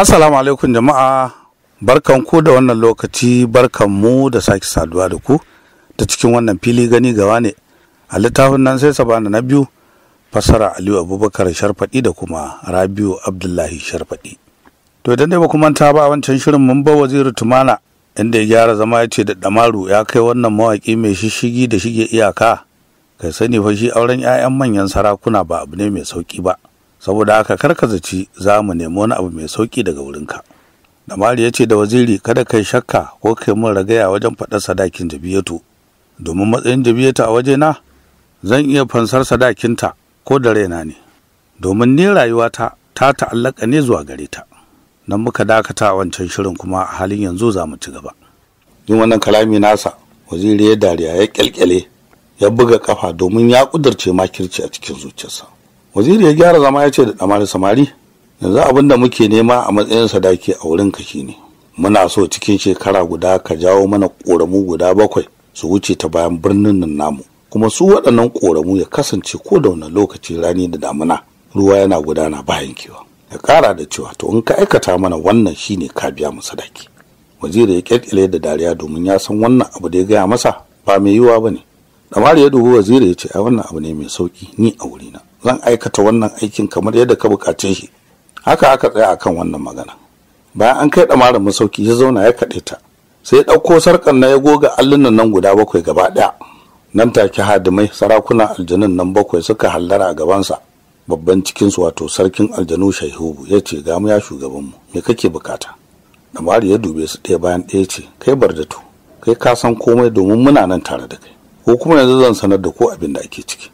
Assalamu alaikum jama'a barkan ku da wannan lokaci barkan mu da sake saduwa da ku da cikin wannan fili gani gawa ne a littafin nan sai sabana na biyu fassara Aliyu Abubakar Sharfadi da kuma Rabiu Abdullahi Sharfadi. To idan dai ba kuma ta ba wancan shirin mun ba waziri Tumana inda ya gyara zama ya ce da Damaru ya kai wannan mawaƙi mai shishigi da shige iyaka kai sani fa shi auren 'ya'yan manyan sarakuna ba abu ne mai sauki ba. saboda haka ka zaci za mu nemi wani abu mai sauki daga wurinka mari ya ce da waziri kada kai shakka ko kai mun ragaya wajen faɗar sadakin jabiyatu domin matsayin jabiyatu a wajena zan iya fansar sadakinta ko da raina ne domin ni rayuwata ta ta'allaka ne zuwa gare ta nan muka dakata a wancan shirin kuma a halin yanzu za mu ci gaba yin wannan kalami nasa waziri ya dariya ya kyalkyale ya buga kafa domin ya kudurce makirci a cikin zuciyarsa waziri ya gyara zama ya ce da ɗamari samari yanzu abin da muke nema a matsayin sadaki a wurin ka shine muna so cikin shekara guda ka jawo mana koramu guda bakwai su wuce ta bayan birnin nan namu kuma su waɗannan koramu ya kasance ko da wani lokaci rani da damuna ruwa yana gudana bayan kewa. ya kara da cewa to in ka aikata mana wannan shine ka biya mu sadaki waziri ya ƙirƙire da dariya domin ya san wannan abu da ya gaya masa ba mai yiwuwa ba ne damar ya dubi waziri ya ce a wannan abu ne mai sauki ni a wurina zan aikata wannan aikin kamar yadda ka bukace shi haka aka tsaya akan wannan magana bayan an kai ɗamarin masauki ya zauna ya kaɗe ta sai ya ɗauko sarƙar na ya goga allunan nan guda bakwai gaba ɗaya nan take hadimai sarakuna aljanun nan bakwai suka hallara a gabansa babban cikin su wato sarkin aljanu shaihubu ya ce gamu ya shugabanmu me kake bukata ɗamari ya dube su ɗaya bayan ɗaya ce kai bar da tu'. kai ka san komai domin muna nan tare da kai ko kuma yanzu zan sanar da ko abin da ake ciki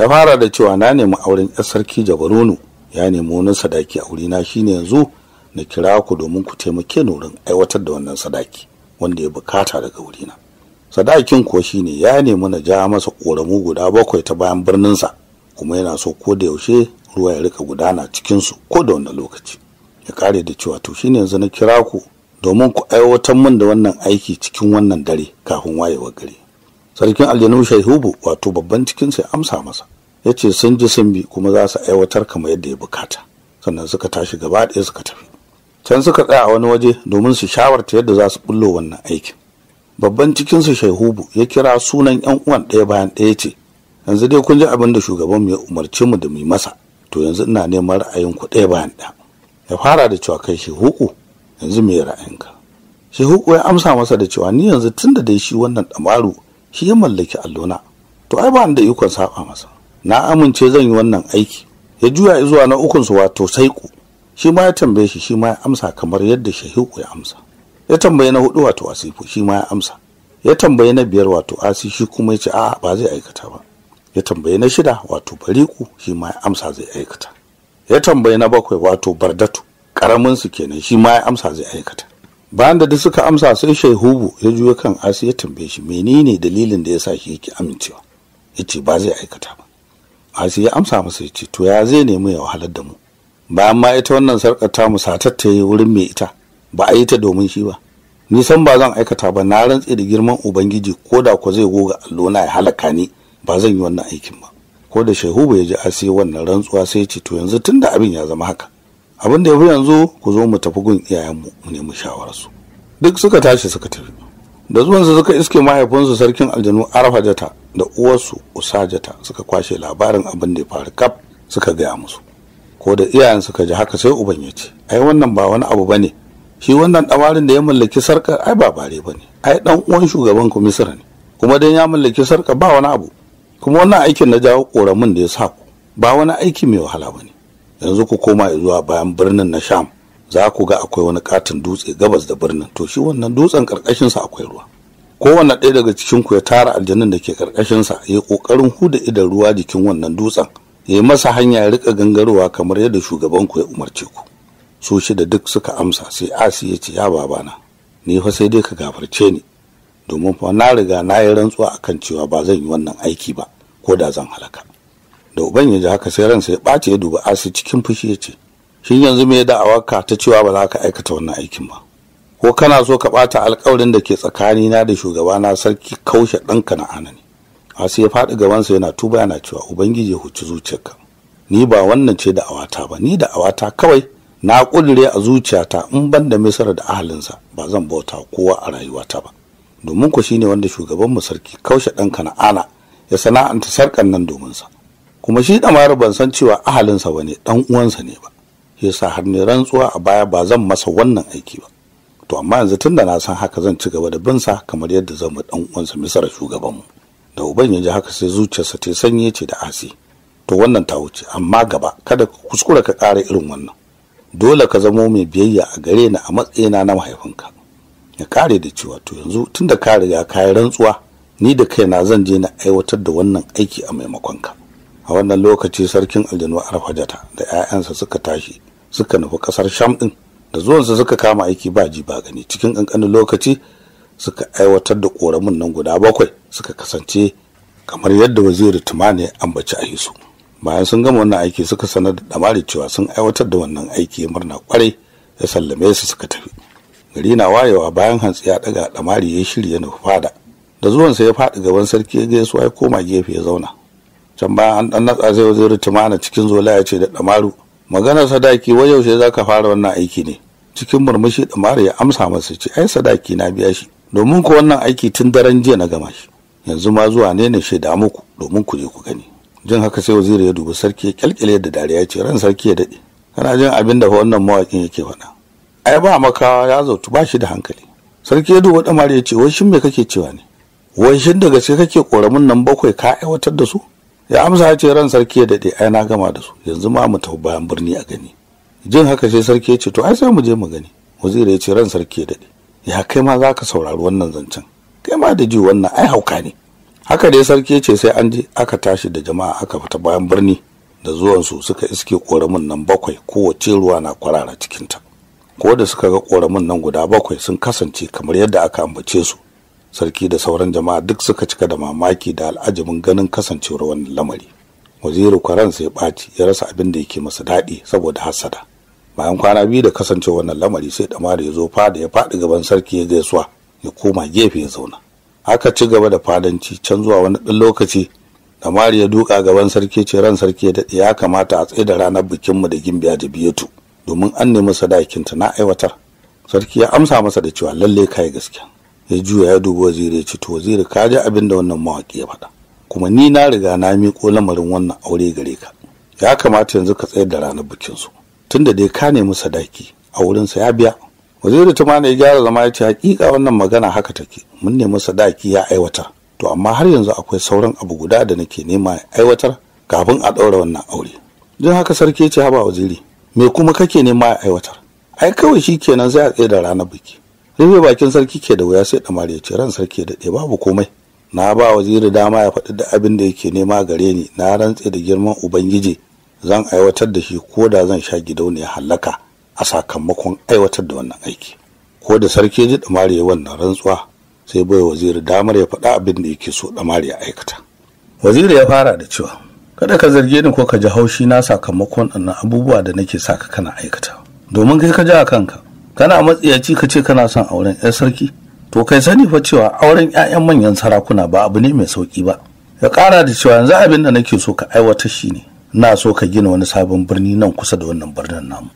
ya fara da cewa na nemi auren yar sarki jabaronu ya nemi wani sadaki a wurina shine yanzu na kira ku domin ku taimake ni wurin aiwatar da wannan sadaki wanda ya bukata daga wurina sadakin kuwa shine ya nemi na ja masa ƙoramu guda bakwai ta bayan birninsa kuma yana so ko da yaushe ruwa ya rika gudana cikinsu ko da wani lokaci ya kare da cewa to shine yanzu na kira ku domin ku aiwatar min da wannan aiki cikin wannan dare kafin wayewar gari sarkin aljanu shaihubu wato babban cikin sai amsa masa ya ce sun ji sun bi kuma za su aiwatar kamar yadda ya bukata sannan suka tashi gaba ɗaya suka tafi can suka tsaya a wani waje domin su shawarta yadda za su bullo wannan aikin babban cikinsu shaihubu ya kira sunan yan uwan ɗaya bayan ɗaya ce yanzu dai kun ji abin da shugaban ya umarci mu da mu masa to yanzu ina neman ra'ayin ku ɗaya bayan ɗaya ya fara da cewa kai shehuku yanzu me ra'ayinka shehuku ya amsa masa da cewa ni yanzu tunda dai shi wannan ɗamaru shi ya mallaki allona to ai ba da ikon saba masa na amince zan yi wannan aiki ya juya zuwa na ukun su wato saiku shi ma ya tambaye shi shi ma ya amsa kamar yadda shahiku ya amsa ya tambaye na hudu wato asifu shi ma ya amsa ya tambaye na biyar wato asi shi kuma ya ce a'a ba zai aikata ba ya tambaye na shida wato bariku shi ma ya amsa zai aikata ya tambaye na bakwai wato bardatu karamin su kenan shi ma ya amsa zai aikata bayan da duk suka amsa sai shehubu ya juya kan asu ya tambaye shi menene dalilin da ya sa shi yake amincewa ya ce ba zai aikata ba asu ya amsa masa ya ce to ya zai nemi ya wahalar da mu bayan ma ita wannan sarƙar ta musatatta yi wurin mai ita ba a yi ta domin shi ba ni san ba zan aikata ba na rantse da girman ubangiji ko da ko zai goga allo na ya halaka ni ba zan yi wannan aikin ba ko da shehubu ya ji asu wannan rantsuwa sai ya ce to yanzu tunda abin ya zama haka abin da ya fi yanzu ku zo mu tafi gun iyayenmu mu nemi shawararsu duk suka tashi suka tafi da zuwansu suka iske mahaifinsu sarkin aljanu jata da uwarsu usajata suka kwashe labarin abin da ya faru kaf suka gaya musu ko da iyayen suka ji haka sai uban ya ce ai wannan ba wani abu bane shi wannan dawarin da ya mallaki sarka ai ba bare bane ai ɗan uwan shugaban ku ne kuma dan ya mallaki sarka ba wani abu kuma wannan aikin na jawo koramin da ya sa ku ba wani aiki mai wahala bane yanzu ku koma zuwa bayan birnin na sham za ku ga akwai wani katin dutse gabas da birnin to shi wannan dutsen karkashinsa akwai ruwa kowanne ɗaya daga cikin ku ya tara aljanun da ke karkashinsa ya yi ƙoƙarin huda idan ruwa jikin wannan dutsen ya yi masa hanya ya rika gangarowa kamar yadda shugaban ku ya umarce ku su shida duk suka amsa sai asi ya ce ya babana ni fa sai dai ka gafarce ni domin fa na riga na yi rantsuwa akan cewa ba zan yi wannan aiki ba ko da zan halaka da uban ya ji haka sai ransa ya ɓace ya duba asi cikin fushi ya ce shin yanzu me da ka ta cewa ba za ka aikata wannan aikin ba ko kana so ka ɓata alƙawarin da ke tsakani na da shugabana sarki kaushe ɗanka na ana ne asi ya faɗi gabansa yana tuba yana cewa ubangiji ya huci zuciyarka ni ba wannan ce da awata ba ni da awata kawai na ƙudure a zuciyata in ban da misar da ahalinsa ba zan bauta kowa a rayuwata ba domin ku shine wanda shugabanmu sarki kaushe ɗanka na ana ya sana'anta sarkan nan domin sa kuma shi ɗamara ban san cewa ahalinsa ba ne ɗan uwansa ne ba shi yasa har ne rantsuwa a baya ba zan masa wannan aiki ba to amma yanzu tunda na san haka zan ci gaba da bin sa kamar yadda zan mu ɗan uwansa misara mu da uban ya ji haka sai zuciyarsa ta sanye ce da asi to wannan ta wuce amma gaba kada ka kuskura ka ƙara irin wannan dole ka zamo mai biyayya a gare ni a matsayina na mahaifinka ya kare da cewa to yanzu tunda ka riga ka rantsuwa ni da kaina zan je na aiwatar da wannan aiki a maimakon ka a wannan lokaci sarkin aljanu jata da 'ya'yansa suka tashi suka nufi kasar sham din da zuwansa suka kama aiki ba ji ba gani cikin ƙanƙanin lokaci suka aiwatar da ƙoramin nan guda bakwai suka kasance kamar yadda waziri tumani ambaci a su bayan sun gama wannan aiki suka sanar da damari cewa sun aiwatar da wannan aiki murna kwarai ya sallame su suka tafi gari na wayewa bayan hantsi ya daga damari ya shirya na fada da zuwansa ya faɗi gaban sarki ya gaisuwa ya koma gefe ya zauna can bayan an dan natsa sai waziri tumana cikin zola ya ce da ɗamaru. maganar sadaki wai yaushe za ka fara wannan aiki ne cikin murmushi damaru ya amsa masa ce ai sadaki na biya shi domin ku wannan aiki tun daren jiya na gama shi yanzu ma zuwa ne ne shaida muku domin ku je ku gani jin haka sai waziri ya dubi sarki ya kyalkyale da dariya ce ran sarki ya daɗe kana jin abin da wannan mawakin yake faɗa ai ba makawa ya zautu ba shi da hankali sarki ya duba damar ya ce wai shin me kake cewa ne wai shin daga gaske kake koramin nan bakwai ka aiwatar da su ya amsa ya ce ran sarki ya daɗe ai na gama da su yanzu ma mu tafi bayan birni a gani jin haka sai sarki ya ce to ai sai mu je mu gani waziri ya ce ran sarki ya daɗe ya kai ma zaka saurari wannan zancen kai ma da ji wannan ai hauka ne haka dai sarki ya ce sai an je aka tashi da jama'a aka fita bayan birni da zuwan su suka iske koramin nan bakwai kowace ruwa na kwarara cikinta ko da suka ga koramin nan guda bakwai sun kasance kamar yadda aka ambace su sarki da sauran jama'a duk suka cika da mamaki da al'ajabin ganin kasancewar wannan lamari waziri kwaran sai ɓaci ya rasa abin da yake masa daɗi saboda hassada bayan kwana biyu da kasancewar wannan lamari sai damar ya zo fada ya faɗi gaban sarki ya gaisuwa ya koma gefe ya zauna aka ci gaba da fadanci can zuwa wani ɗan lokaci da ya duka gaban sarki ce ran sarki ya daɗe ya kamata a tsaye da ranar bikinmu da gimbiya da biyatu domin an nemi sadakinta na aiwatar sarki ya amsa masa da cewa lallai kai gaskiya ya juya ya dubi waziri ya ce to waziri ka ji abin da wannan mawaƙi ya faɗa kuma ni na riga na miƙo lamarin wannan aure gare ka ya kamata yanzu ka tsayar da ranar bikin su tunda dai ka nemi sadaki a wurinsa ya biya waziri ta mana ya gyara zama ya ce hakika wannan magana haka take mun nemi sadaki ya aiwatar. to amma har yanzu akwai sauran abu guda da nake nema ya aiwatar kafin a ɗaura wannan aure don haka sarki ya ce haba waziri me kuma kake nema ya aiwatar ai kawai shi kenan sai a tsaye da ranar biki rufe bakin sarki ke da wuya sai damar ya ce ran sarki da babu komai na ba waziri dama ya faɗi da abin da yake nema gare ni na rantse da girman ubangiji zan aiwatar da shi ko da zan sha gidauniya hallaka a sakamakon aiwatar da wannan aiki ko da sarki ji damar ya wannan rantsuwa sai bai waziri damar ya faɗa abin da yake so damar ya aikata waziri ya fara da cewa kada ka zarge ni ko ka ji haushi na sakamakon ɗannan abubuwa da nake saka kana aikata domin kai ka ji a kanka kana matsiyaci ka ce kana son auren 'yar sarki to kai sani fa cewa auren 'ya'yan manyan sarakuna ba abu ne mai sauki ba ya ƙara da cewa yanzu abin da nake so ka aiwatar shi ne na so ka gina wani sabon birni nan kusa da wannan birnin namu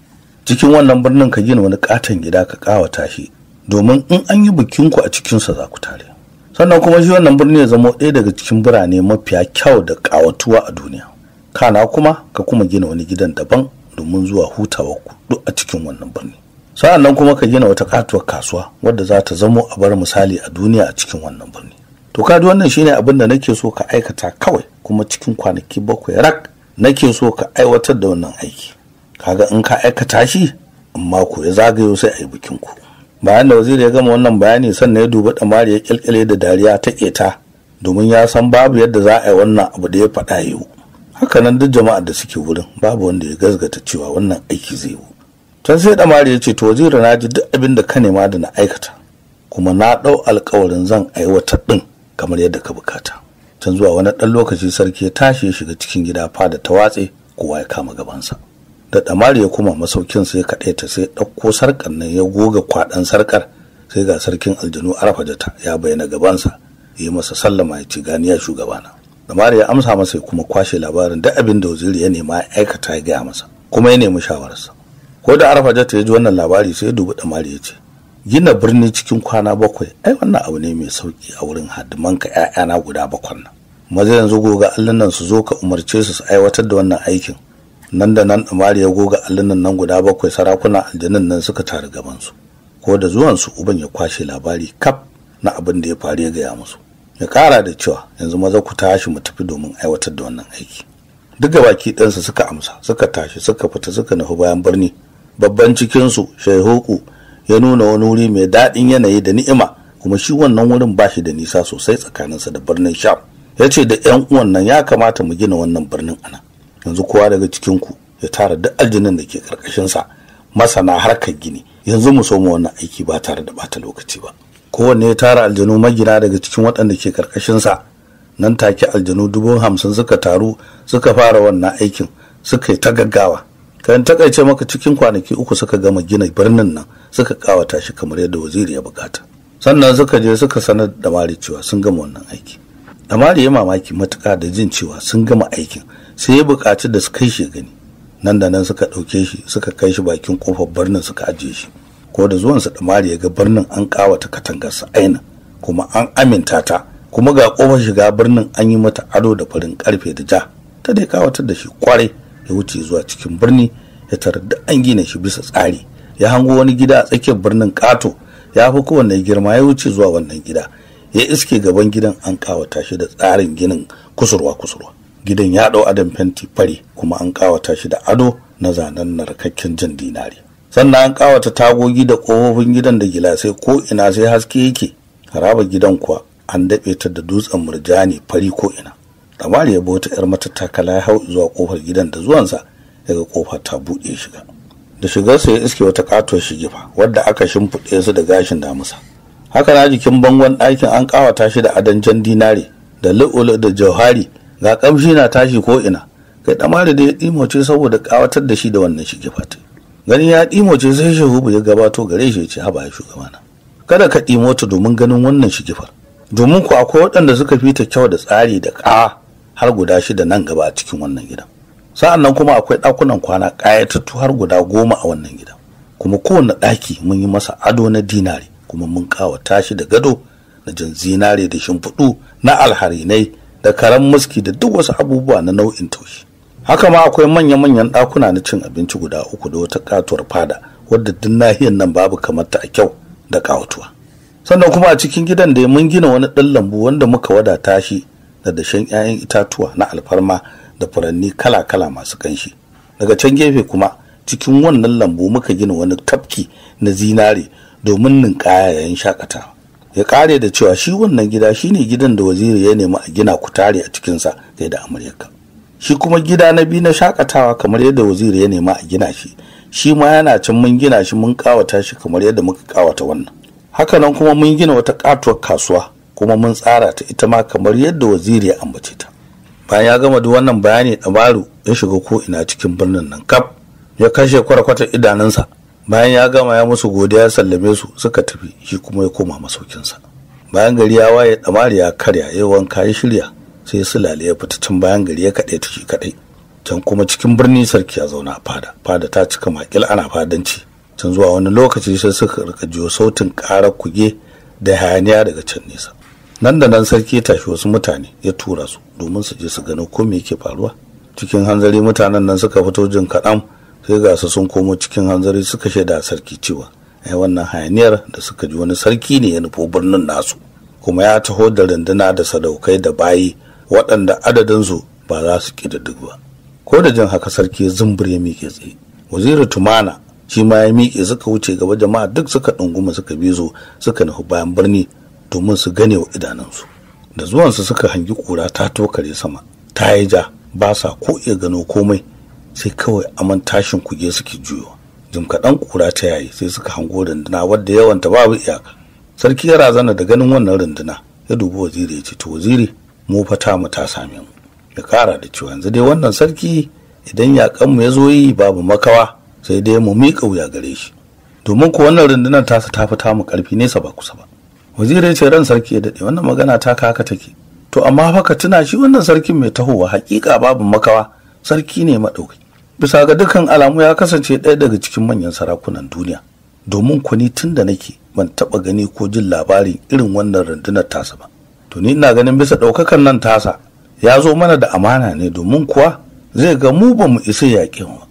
cikin wannan birnin ka gina wani katon gida ka kawata shi domin in an yi bikinku a cikinsa za ku tare sannan kuma shi wannan birni ya zama ɗaya daga cikin birane mafiya kyau da ƙawatuwa a duniya kana kuma ka kuma gina wani gidan daban domin zuwa hutawa ku duk a cikin wannan birni sa'an nan kuma ka gina wata katuwar kasuwa wadda za ta zamo a bar misali a duniya a cikin wannan birni to ka ji wannan shine abin da nake so ka aikata kawai kuma cikin kwanaki bakwai rak nake so ka aiwatar da wannan aiki kaga in ka aikata shi amma ko ya zagayo sai a yi bikin ku bayan da waziri ya gama wannan bayani sannan ya dubi damari ya kyalkyale da dariya ta keta domin ya san babu yadda za a yi wannan abu da ya faɗa yau hakanan duk jama'ar da suke wurin babu wanda ya gazgata cewa wannan aiki zai yi Tan sai damari ya ce to waziri na ji duk abin da ka nema da na aikata kuma na ɗau alkawarin zan aiwatar ɗin kamar yadda ka bukata can zuwa wani ɗan lokaci sarki ya tashi ya shiga cikin gida fada ta watse kowa ya kama gabansa da damari ya kuma masaukin sai kaɗai ta sai ɗauko sarkar nan ya goga kwaɗan sarkar sai ga sarkin aljanu arfajata ya bayyana gabansa ya yi masa sallama ya ci gani ya shugabana damari ya amsa masa ya kuma kwashe labarin duk abin da waziri ya nema ya aikata ya gaya masa kuma ya nemi shawararsa ko da arfaja ta ji wannan labari sai dubi damari ya ce gina birni cikin kwana bakwai ai wannan abu ne mai sauki a wurin hadimanka ƴaƴana guda bakwan nan maza yanzu goga allunan su zo ka umarce su su aiwatar da wannan aikin nan da nan damari ya goga allunan nan guda bakwai sarakuna aljanin nan suka tare gaban su ko da zuwan su uban ya kwashe labari kaf na abin da ya faru ya gaya musu ya kara da cewa yanzu maza ku tashi mu tafi domin aiwatar da wannan aiki duk baki ɗansa suka amsa suka tashi suka fita suka nufi bayan birni babban cikinsu shaihoku ya nuna wani wuri mai daɗin yanayi da ni'ima kuma shi wannan wurin ba shi da nisa sosai tsakanin sa da birnin sham ya ce da yan uwan nan ya kamata mu gina wannan birnin ana yanzu kowa daga cikinku ya tara duk aljinin da ke ƙarƙashinsa masana harkar gini yanzu mu soma wannan aiki ba tare da bata lokaci ba kowanne ya tara aljanu magina daga cikin waɗanda ke ƙarƙashinsa nan take aljanu dubu hamsin suka taru suka fara wannan aikin suka yi ta gaggawa kan takaice maka cikin kwanaki uku suka gama gina birnin nan suka kawata shi kamar yadda waziri ya bukata sannan suka je suka sanar da mari cewa sun gama wannan aiki da mari ya mamaki matuka da jin cewa sun gama aikin sai ya bukaci da su kai shi gani nan da nan suka ɗauke shi suka kai shi bakin kofar birnin suka ajiye shi ko da zuwansa da mari ya ga birnin an kawata katangarsa aina kuma an aminta ta kuma ga kofar shiga birnin an yi mata ado da farin karfe da ja ta dai kawatar da shi kwarai ya wuce zuwa cikin birni ya tara duk an gina shi bisa tsari ya hango wani gida a tsakiyar birnin kato ya fi kowanne girma ya wuce zuwa wannan gida ya iske gaban gidan an kawata shi da tsarin ginin kusurwa kusurwa gidan ya ɗau adam fenti fari kuma an kawata shi da ado na zanen narkakken jan dinari sannan an kawata tagogi da kofofin gidan da gilasai ko ina sai haske yake haraba gidan kuwa an daɓe ta da dutsen murjani fari ko ina labari ya bota yar matattakala ya hau zuwa kofar gidan da zuwansa daga kofar ta buɗe shiga da shigarsa ya iske wata katuwar shigifa wadda aka shimfiɗe su da gashin damusa haka na jikin bangon ɗakin an ƙawata shi da adon jan dinare da lu'ulu da jauhari ga ƙamshi na tashi ko ina kai ɗamari da ya ɗimoce saboda ƙawatar da shi da wannan shigifa ta gani ya ɗimoce sai shehubu ya gabato gare shi ya ce haba ya shugabana kada ka ɗimo ta domin ganin wannan shigifar domin ku akwai waɗanda suka fita kyau da tsari da ƙawa har guda shida nan gaba a cikin wannan gidan sa'an nan kuma akwai ɗakunan kwana ƙayatattu har guda goma a wannan gidan kuma kowane ɗaki mun yi masa ado na dinare kuma mun ƙawata shi da gado na jan zinare da shimfiɗu na alharinai da karan muski da duk wasu abubuwa na nau'in taushi haka ma akwai manya-manyan ɗakuna na cin abinci guda uku da wata ƙatuwar fada wadda duk nahiyar nan babu kamar ta a kyau da ƙawatuwa sannan kuma a cikin gidan da mun gina wani ɗan lambu wanda muka wadata shi da dashen 'ya'yan itatuwa na alfarma da furanni kala-kala masu kanshi. daga can gefe kuma cikin wannan lambu muka gina wani tafki na zinare domin ninkaya yayin shakatawa ya kare da cewa shi wannan gida shine gidan da waziri ya nemi a gina kutare a cikin sa kai da amurka shi kuma gida na biyu na shakatawa kamar yadda waziri ya nemi a gina shi shi ma yana can mun gina shi mun kawata shi kamar yadda muka kawata wannan hakanan kuma mun gina wata katuwar kasuwa kuma mun tsara ta ita ma kamar yadda waziri ya ambace ta bayan ya gama duk wannan bayani dabaru ya shiga ko ina cikin birnin nan kaf ya kashe kwarkwatar idanunsa bayan ya gama ya musu godiya ya sallame su suka tafi shi kuma ya koma masaukinsa bayan gari ya waye damari ya karya ya wanka ya shirya sai sulale ya fita can bayan gari ya kaɗai ta kaɗai can kuma cikin birni sarki ya zauna a fada fada ta cika makil ana fadanci can zuwa wani lokaci sai suka rika jiyo sautin ƙarar kuge da hayaniya daga can nesa nan da nan sarki tashi wasu mutane ya tura su domin su je su gano ko me yake faruwa cikin hanzari mutanen nan suka fito jin kaɗan sai ga su sun komo cikin hanzari suka shaida sarki cewa ai wannan hayaniyar da suka ji wani sarki ne ya nufo birnin nasu kuma ya taho da runduna da sadaukai da bayi waɗanda adadinsu ba za su ƙididdig ba ko da jin haka sarki ya zumbur ya miƙe tsaye waziri tumana shi ma ya miƙe suka wuce gaba jama'a duk suka ɗunguma suka bizo suka nufi bayan birni domin su gane wa idanunsu da zuwansu suka hangi ƙura ta tokare sama ta yi ja ba sa ko iya gano komai sai kawai aman tashin kuge suke juyo jim kaɗan ƙura ta yayi sai suka hango runduna wadda yawanta babu iyaka sarki ya razana da ganin wannan runduna ya dubi waziri ya ce to waziri mu fata mu ta same mu ya kara da cewa yanzu dai wannan sarki idan yakan mu ya zo yi babu makawa sai dai mu miƙa wuya gare shi domin ko wannan rundunar tasa ta fita mu ƙarfi nesa ba kusa ba waziri ce ran sarki ya daɗe wannan magana ta kaka take to amma fa ka tuna shi wannan sarkin mai tahowa hakika babu makawa sarki ne maɗauki bisa ga dukkan alamu ya kasance ɗaya daga cikin manyan sarakunan duniya domin kuni tun da nake ban taɓa gani ko jin labarin irin wannan rundunar tasa ba to ni ina ganin bisa ɗaukakan nan tasa ya zo mana da amana ne domin kuwa zai ga mu ba mu isa yaƙin ba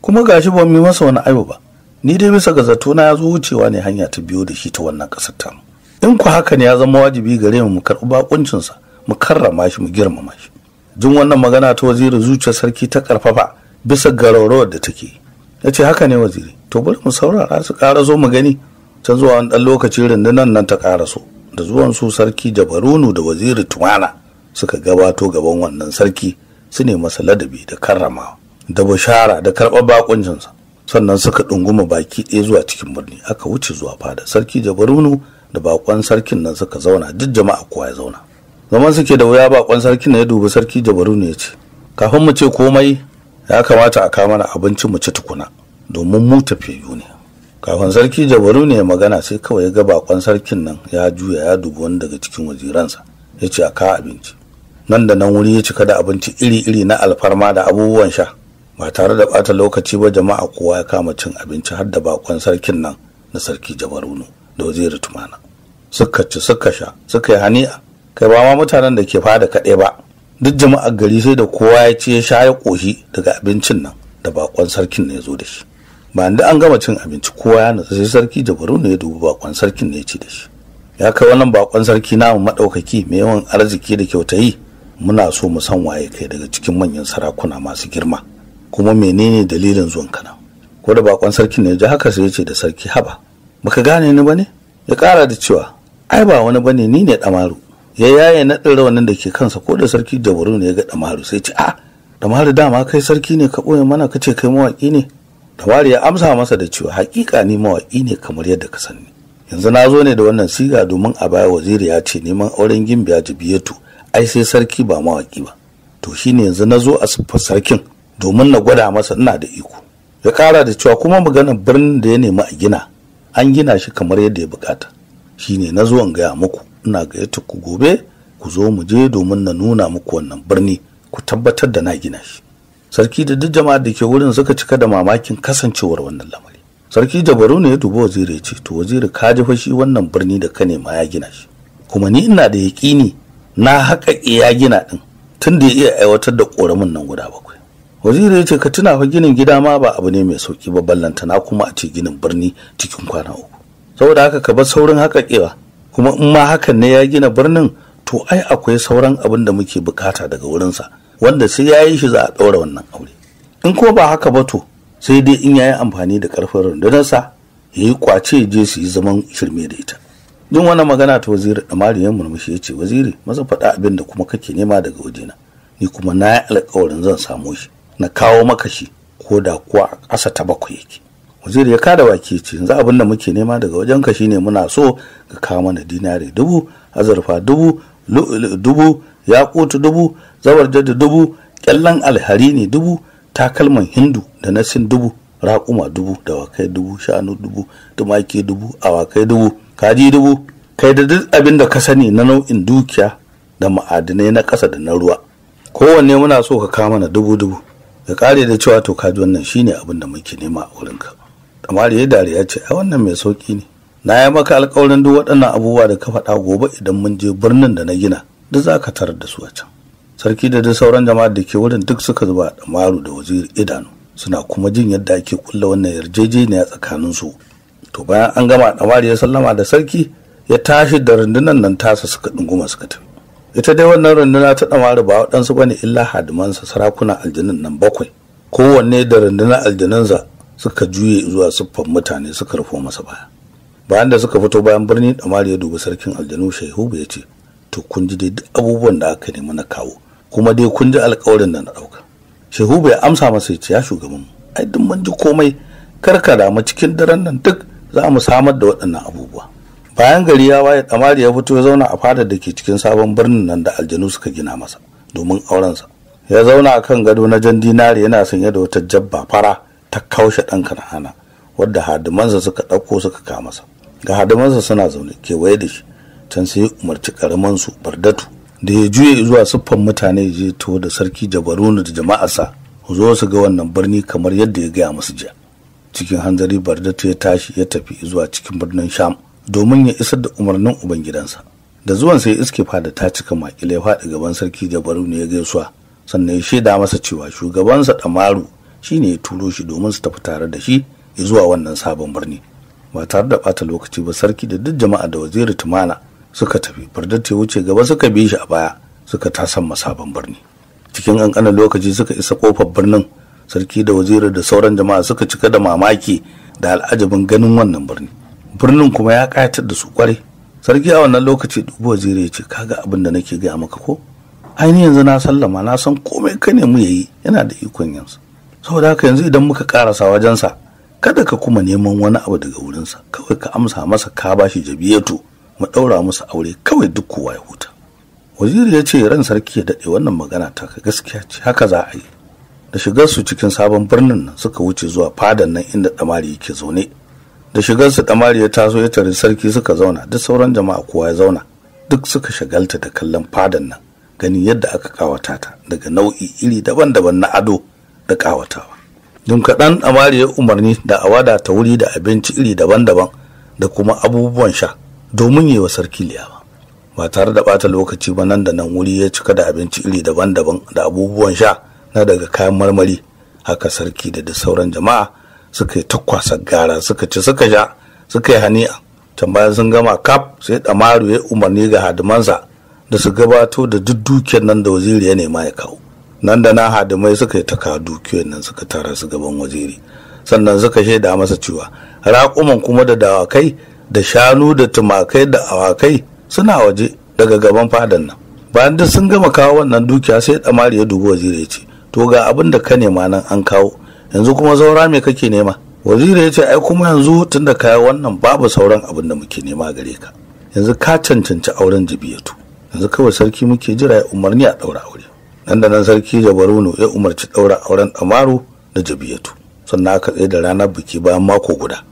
kuma gashi ba mu yi masa wani aibu ba ni dai bisa ga na ya zo wucewa ne hanya ta biyo da shi ta wannan ƙasar tamu in ku haka ne ya zama wajibi gare mu mu karɓi bakuncinsa mu karrama shi mu girmama shi jin wannan magana ta waziri zuciyar sarki ta karfafa bisa garaurawar da take ya ce haka ne waziri to bari mu saurara su ƙara zo mu gani can zuwa wani ɗan lokaci rundunar nan ta ƙara so da zuwan su sarki jabarunu da waziri tumana suka gabato gaban wannan sarki su ne masa ladabi da karramawa da bushara da karɓar bakuncinsa sannan suka ɗunguma baki ɗaya zuwa cikin birni aka wuce zuwa fada sarki jabarunu da bakon sarkin nan suka zauna duk jama'a kowa ya zauna zaman suke da wuya bakon sarkin nan ya dubi sarki jabaru ne ya ce kafin mu ce komai ya kamata a kama mana abinci mu ci tukuna domin mu tafiyu ne kafin sarki jabaru ne ya magana sai kawai ya ga bakon sarkin nan ya juya ya dubi wani daga cikin wajiransa ya ce a kawo abinci nan da nan wuri ya cika da abinci iri-iri na alfarma da abubuwan sha ba tare da bata lokaci ba jama'a kowa ya kama cin abinci har da bakon sarkin nan na sarki ne da waziri tumana suka ci suka sha suka yi haniya. kai ba ma mutanen da ke fada kaɗai ba duk jama'ar gari sai da kowa ya ce ya sha ya ƙoshi daga abincin nan da bakon sarkin ne ya zo da shi ba da an gama cin abinci kowa ya natsu sai sarki jabaru ne ya dubi bakon sarkin ne ya ci da shi ya kai wannan bakon sarki naman maɗaukaki mai yawan arziki da kyautayi muna so mu san waye kai daga cikin manyan sarakuna masu girma kuma menene dalilin zuwan kana ko da bakon sarkin ne ya ji haka sai ya ce da sarki haba baka gane ni ba ne?" ya kara da cewa ai ba wani bane ni ne damaru ya yaye naɗin rawanin da ke kansa ko da sarki jabaru ne ya ga damaru sai ce a ah, damaru dama kai sarki ne ka ɓoye mana ka ce kai mawaƙi ne damaru ya amsa masa da cewa haƙiƙa ni mawaƙi ne kamar yadda ka sani yanzu na zo ne da wannan siga domin a baya waziri ya ce neman auren gimbiya jibiyatu ai sai sarki ba mawaƙi ba to shi ne yanzu na zo a siffar sarkin domin na gwada masa ina da iko ya ƙara da cewa kuma maganar birnin da ya nemi a gina an gina shi kamar yadda ya bukata Shi ne na zuwan gaya muku ina gayyata ku gobe ku zo mu je domin na nuna muku wannan birni ku tabbatar da na gina shi sarki da duk jama'ar da ke wurin suka cika da mamakin kasancewar wannan lamari sarki jabaru ne ya dubi waziri ya ce to waziri ka ji fashi wannan birni da ka nema ya gina shi kuma ni ina da yaƙini na haƙaƙe ya gina din, tun da ya iya aiwatar da ƙoramin nan guda bakwai waziri ya ce ka tuna fa ginin gida ma ba abu ne mai sauƙi ba na kuma a ce ginin birni cikin kwana uku saboda haka ka bar saurin haka kewa kuma in ma hakan ne ya gina birnin to ai akwai sauran abin da muke bukata daga wurinsa wanda sai ya yi shi za a ɗaura wannan aure in ko ba haka ba to sai dai in ya yi amfani da karfin rundunarsa ya yi kwace je su yi zaman shirme da ita jin wannan magana ta waziri ɗamari ya murmushi ya ce waziri masa faɗa abin da kuma kake nema daga wajena ni kuma na yi alƙawarin zan samo shi na kawo maka shi ko da kuwa a ƙasa ta bakwai yake waziri ya kada wake ce yanzu abin da muke nema daga wajen ka shine muna so ka kawo mana dinari dubu azurfa dubu dubu yakutu dubu zabarjadi dubu kyallan alhari ne dubu takalman hindu da nasin dubu raƙuma dubu dawakai dubu shanu dubu tumaki dubu awakai dubu kaji dubu kai da duk abin da ka sani na nau'in dukiya da ma'adinai na kasa da na ruwa kowanne muna so ka kawo mana dubu dubu ka kare da cewa to kaji wannan shine abin da muke nema a wurinka da ya dariya ce, a wannan mai sauki ne. Na yi maka alkawarin duk waɗannan abubuwa da ka faɗa gobe idan mun je birnin da na gina, duk za ka tarar da su a can." Sarki da duk sauran jama'ar da ke wurin duk suka zuba Damaru da wazir idanu, suna kuma jin yadda ake kulla wannan yarjejeniya tsakanin su. To bayan an gama Damari ya sallama da sarki, ya tashi da rundunar nan tasa suka ɗunguma suka tafi. Ita dai wannan runduna ta Damaru ba waɗansu bane illa hadimansa sarakuna aljanun nan bakwai. kowanne da rundunar sa. suka juye zuwa siffan mutane suka rufo masa baya bayan da suka fito bayan birni damar ya dubi sarkin aljanu shehubu ya ce to kun ji dai duk abubuwan da aka nema na kawo kuma dai kun ji alkawarin da na ɗauka shehubu ya amsa masa ya ce ya shugaban mu ai duk mun ji komai karkara damu cikin daren nan duk za mu samar da waɗannan abubuwa bayan gari ya waye damar ya fito ya zauna a fadar da ke cikin sabon birnin nan da aljanu suka gina masa domin aurensa ya zauna a kan gado na jan dinari yana sanye da wata jabba fara ta kaushe ɗan kan'ana wadda hadimansa suka ɗauko suka kama sa ga hadimansa suna zaune kewaye da shi can sai umarci karaman su bardatu da ya juye zuwa siffan mutane ya je to da sarki jabaruna da jama'arsa zo su ga wannan birni kamar yadda ya gaya musu jiya cikin hanzari bardatu ya tashi ya tafi zuwa cikin birnin sham domin ya isar da umarnin ubangidansa da zuwan sai iske fada ta cika makile faɗi gaban sarki jabaru ne ya gaisuwa sannan ya shaida masa cewa shugabansa damaru Shi ne ya turo shi domin su tafi tare da shi ya zuwa wannan sabon birni ba tare da bata lokaci ba sarki da duk jama'a da waziri tumana suka tafi fardata ta wuce gaba suka bi shi a baya suka tasan sabon birni cikin ƙanƙanin lokaci suka isa kofar birnin sarki da waziri da sauran jama'a suka cika da mamaki da al'ajabin ganin wannan birni birnin kuma ya kayatar da su kwarai sarki a wannan lokaci dubu waziri ya ce kaga abin da nake gaya maka ko ainihin yanzu na sallama na san komai ka nemi yi, yana da ikon yanzu saboda haka yanzu idan muka karasa wajensa kada ka kuma neman wani abu daga wurinsa kawai ka amsa masa ka bashi jabiyatu mu daura musu aure kawai duk kowa ya huta waziri ya ce ran sarki ya daɗe wannan magana ta ka gaskiya ce haka za a yi da shigar su cikin sabon birnin nan suka wuce zuwa fadan nan inda damari yake zaune da shigar su damari ya taso ya tare sarki suka zauna duk sauran jama'a kowa ya zauna duk suka shagalta da kallon fadan nan gani yadda aka kawata ta daga nau'i iri daban-daban na ado da ƙawatawa. Jim kaɗan Amari ya umarni da a ta wuri da abinci iri daban-daban da kuma abubuwan sha domin yi wa sarki liyawa. Ba tare da ɓata lokaci ba nan da nan wuri ya cika da abinci iri daban-daban da abubuwan sha na daga kayan marmari haka sarki da da sauran jama'a suka yi takwasa gara suka ci suka sha suka yi hani'a can bayan sun gama kaf sai ɗamaru ya umarni ga hadimansa da su gabato da duk dukiyar nan da waziri ya nema ya kawo nan da na hadimai suka yi ta takardu kiwon nan suka tara su gaban wajeri, sannan suka shaida masa cewa raƙuman kuma da dawakai da shanu da tumakai da awakai suna waje daga gaban fadan nan bayan duk sun gama kawo wannan dukiya sai ɗamari ya dubi waziri ya ce to ga abin da ka nema nan an kawo yanzu kuma zaura me kake nema waziri ya ce ai kuma yanzu tunda ka wannan babu sauran abin da muke nema gare ka yanzu ka cancanci auren jibiyatu yanzu kawai sarki muke jira ya umarni a ɗaura aure nan da nan sarki jabaruno ya umarci ɗaura auren amaru da jabiyatu sannan aka tsaye da ranar biki bayan mako guda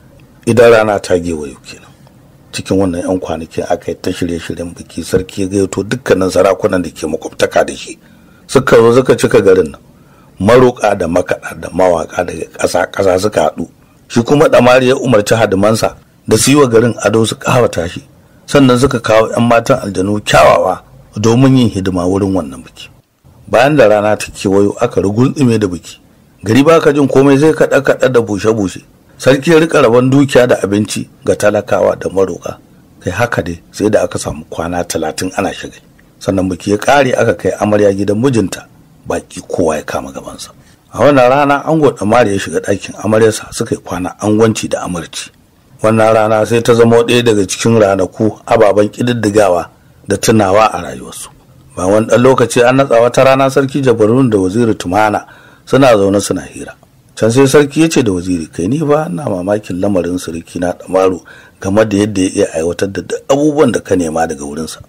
idan rana ta gewayo kenan cikin wannan 'yan kwanaki aka yi ta shirye-shiryen biki sarki ya gayyato dukkanin sarakunan da ke makwabtaka da shi suka zo suka cika garin nan maroƙa da makaɗa da mawaƙa daga ƙasa-ƙasa suka haɗu shi kuma ɗamari ya umarci hadimansa da su yi wa garin ado su ƙawata shi sannan suka kawo 'yan matan aljanu kyawawa domin yin hidima wurin wannan biki bayan da rana ta kewayo aka rugunzume da biki gari ba ka jin komai zai kaɗa kaɗa da bushe bushe sarki ya rika rabon dukiya da abinci ga talakawa da maroka kai haka dai sai da aka samu kwana talatin ana shiga sannan biki ya ƙare aka kai amarya gidan mijinta baki kowa ya kama gabansa a wannan rana ango da ya shiga ɗakin amaryarsa suka yi kwana angwanci da amarci wannan rana sai ta zama ɗaya daga cikin ranaku ababen ƙididdigawa da tunawa a rayuwarsu ba wani ɗan lokaci an natsa wata rana sarki jabarun da waziri tumana suna zaune suna hira can sai sarki ya ce da waziri kai ni ba na mamakin lamarin sarki na damaru game da yadda ya iya aiwatar da abubuwan da ka nema daga wurinsa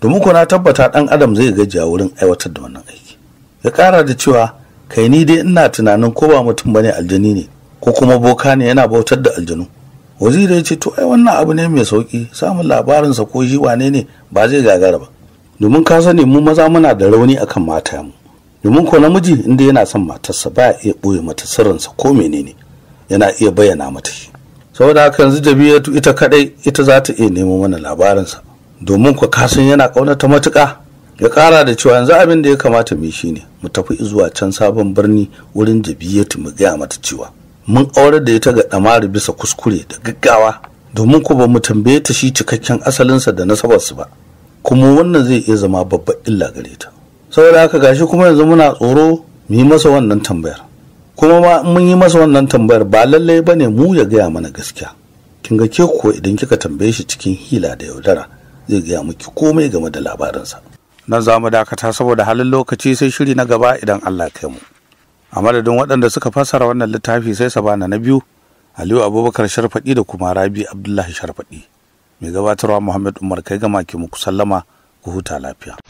domin ko na tabbata ɗan adam zai gajiya wurin aiwatar da wannan aiki ya ƙara da cewa kai ni dai ina tunanin ko ba mutum bane aljani ne ko kuma boka ne yana bautar da aljanu waziri ya ce to ai wannan abu ne mai sauki samun labarinsa ko shi wane ne ba zai gagara ba domin ka sani mu maza muna da rauni akan mata mu domin ko namiji inda yana son matarsa ya iya ɓoye mata sirrinsa ko menene yana iya bayyana mata shi saboda haka yanzu jabiyatu ita kadai ita za ta iya nemo mana labarinsa domin ku kasan yana ƙaunata matuƙa ya ƙara da cewa yanzu abin da ya kamata mu shi ne mu tafi zuwa can sabon birni wurin jabiyatu mu gaya mata cewa mun aurar da ita ga ɗamari bisa kuskure da gaggawa domin ku ba mu tambaye ta shi cikakken asalinsa da nasabarsu ba kuma wannan zai iya zama babbar illa gare ta saboda haka gashi kuma yanzu muna tsoro mu yi masa wannan tambayar kuma ma mun yi masa wannan tambayar ba lallai bane mu ya gaya mana gaskiya kin ga ke ko idan kika tambaye shi cikin hila da yaudara zai gaya miki komai game da labarinsa nan za mu dakata saboda halin lokaci sai shiri na gaba idan Allah kai mu a madadin waɗanda suka fassara wannan littafi sai sabana na biyu Aliyu Abubakar Sharfaɗi da kuma Rabi Abdullahi Sharfaɗi mai gabatarwa muhammad umar kai ga maki muku sallama ku huta lafiya